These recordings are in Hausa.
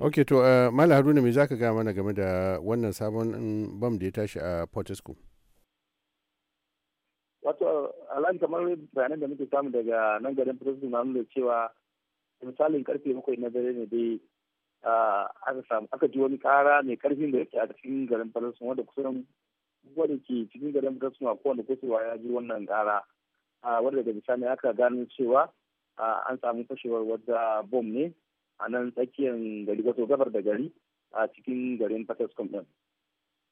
ok to uh, eh, mala haruna me zaka gaya mana game da wannan sabon mm, bam da ya tashi a portisco wato alan kamar bayanan da muke samu daga nan garin portisco na nuna cewa misalin karfe bakwai na dare ne dai aka samu aka ji wani kara mai karfin da yake a cikin garin portisco wanda kusan wanda ke cikin garin portisco a kowane kusurwa ya ji wannan kara wanda daga bisani aka gano cewa an samu fashewar wadda bom ne a nan tsakiyar gari wato gabar da gari a cikin garin fataskom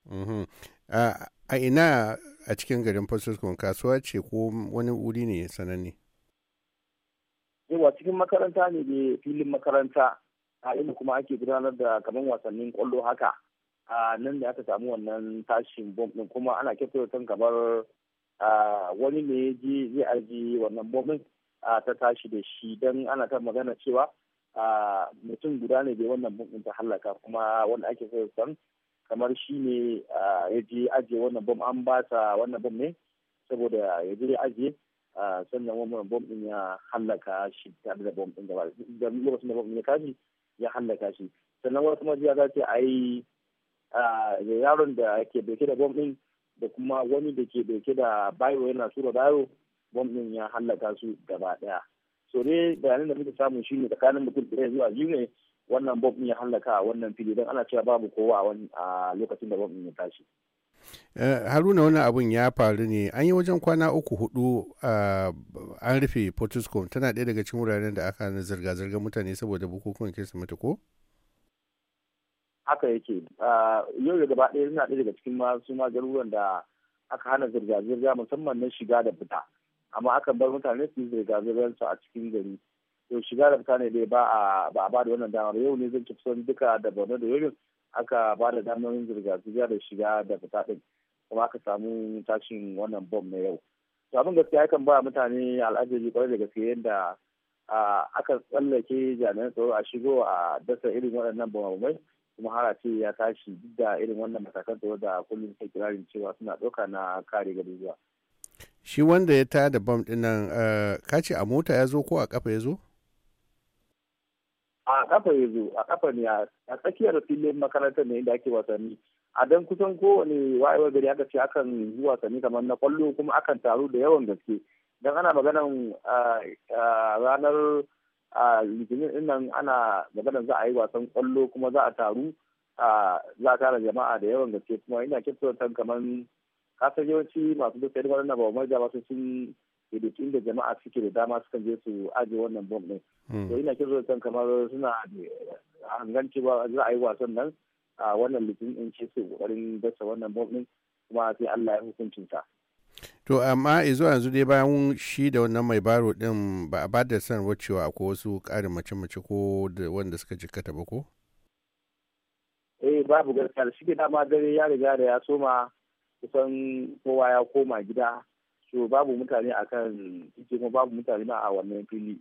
mm-hmm. ɗin. a ina a cikin garin fataskom kasuwa ce ko wani wuri ne sananne yawa cikin makaranta ne da filin makaranta a inda kuma ake gudanar da kamar wasannin kwallo haka a nan da aka samu wannan tashin bom ɗin kuma ana kyautar kamar wani ne ya je zai aji wannan bom bombin ta tashi da shi don ana ta magana cewa mutum guda ne bai wannan bom ta hallaka kuma wanda ake sai san kamar shi ne ya je ajiye wannan bom an ba ta wannan bom ne saboda ya je ajiye sannan wannan bom din ya hallaka shi tare da bom din gaba da lokacin da bom din ya kashi ya hallaka shi sannan wata kuma jiya za ta ai yaron da ke dauke da bom din da kuma wani da ke dauke da bayo yana tura bayo bom din ya hallaka su gaba daya so ne bayanan da muke samu ne tsakanin mutum ya zuwa biyu ne wannan bob ya hallaka a wannan fili don ana cewa babu kowa a lokacin da bob ya tashi eh, haruna wani abun ya faru ne an yi wajen kwana uku hudu an rufe portusco tana ɗaya daga cikin wuraren da aka hana zirga-zirgar mutane saboda bukukuwan kirsimeti ko haka yake yau da gaba ɗaya suna ɗaya daga cikin masu ma garuruwan da aka hana zirga-zirga musamman na shiga da fita amma akan bar mutane su yi zirga su a cikin gari to shiga da fita dai ba a ba da wannan damar yau ne zan ci kusan duka da borno da yorin aka ba da damar zirga-zirga da shiga da fita din kuma aka samu tashin wannan bom na yau to abin gaskiya akan ba mutane al'adari kwarai da gaske yadda aka tsallake jami'an tsaro a shigo a dasa irin waɗannan bamamai kuma har ce ya tashi duk da irin wannan matakan tsaro da kullum sai kirarin cewa suna ɗauka na kare gari zuwa shi wanda ya ta da bam dinnan, eh, ka ce a mota ya zo ko a kafa ya zo a kafa ya zo a kafa ne a tsakiyar filin makarantar ne inda ake wasanni a dan kusan kowane wayewar gari aka ce akan yi wasanni kamar na kwallo kuma akan taru da yawan gaske dan ana maganan eh, eh, ranar litinin nan ana maganan za a yi wasan kwallo kuma za a taru za a tara jama'a da yawan gaske kuma ina kyautar kamar kasar yawanci masu duk irin na ba marja wasu sun duk inda jama'a suke da dama sukan je su ajiye wannan bom ɗin. Hmm. to ina kira da san kamar suna hangan cewa za a yi wasan nan a wannan litinin in ce su kokarin dasa wannan bom ɗin kuma sai Allah ya hukuncin ta to amma izo yanzu dai bayan shi da wannan mai baro din ba a ba da san cewa akwai wasu ƙarin mace-mace ko da wanda suka jikkata ba ko eh babu gaskiya da dama dare ya riga da ya soma kusan kowa ya koma gida so babu mutane a kan kuma babu mutane ma a wannan fili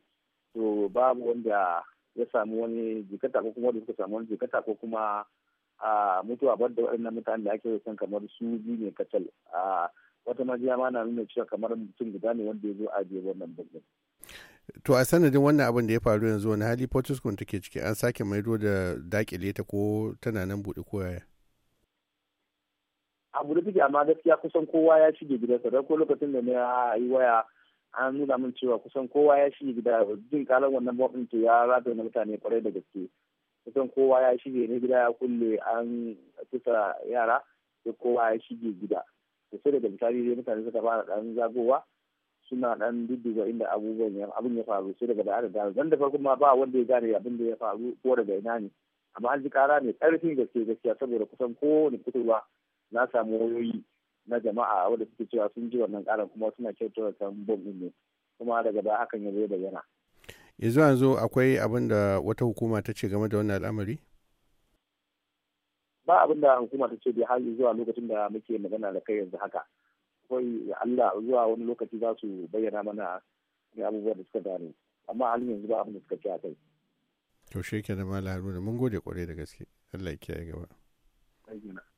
so babu wanda ya samu wani jikata ko kuma wanda suka samu wani jikata ko kuma a mutuwa ba da waɗannan mutane da ake san kamar su biyu ne kacal a wata majiya ma na nuna cewa kamar mutum guda ne wanda ya zo a biye wannan bugun. to a sanadin wannan abin da ya faru yanzu wani hali portugal take ciki an sake maido da dakile ta ko tana nan buɗe yaya. Abu da take amma gaskiya kusan kowa ya shige gidansa da ko lokacin da na yi waya an nuna min cewa kusan kowa ya shige gida jin kalan wannan bom to ya rata na mutane kwarai da gaske kusan kowa ya shige ne gida ya kulle an kusa yara sai kowa ya shige gida da sai daga misali dai mutane suka fara dan zagowa suna dan dudduba inda abubuwan ya abin ya faru sai daga da da dan da farko ma ba wanda ya gane abin da ya faru ko daga ina ne amma an ji kara ne karfin gaske gaskiya saboda kusan kowane fitowa na samu wayoyi na jama'a wanda suke cewa sun ji wannan karan kuma suna kyautar kan bom din ne kuma daga baya hakan ya zo bayyana yanzu yanzu akwai abin da wata hukuma ta ce game da wannan al'amari ba abin da hukuma ta ce bai har zuwa lokacin da muke magana da kai yanzu haka kawai Allah zuwa wani lokaci za su bayyana mana abubuwa da suka gane amma hali yanzu ba abin da suka ce akai. kai to ma ke da haruna mun gode kwarai da gaske Allah ya kiyaye gaba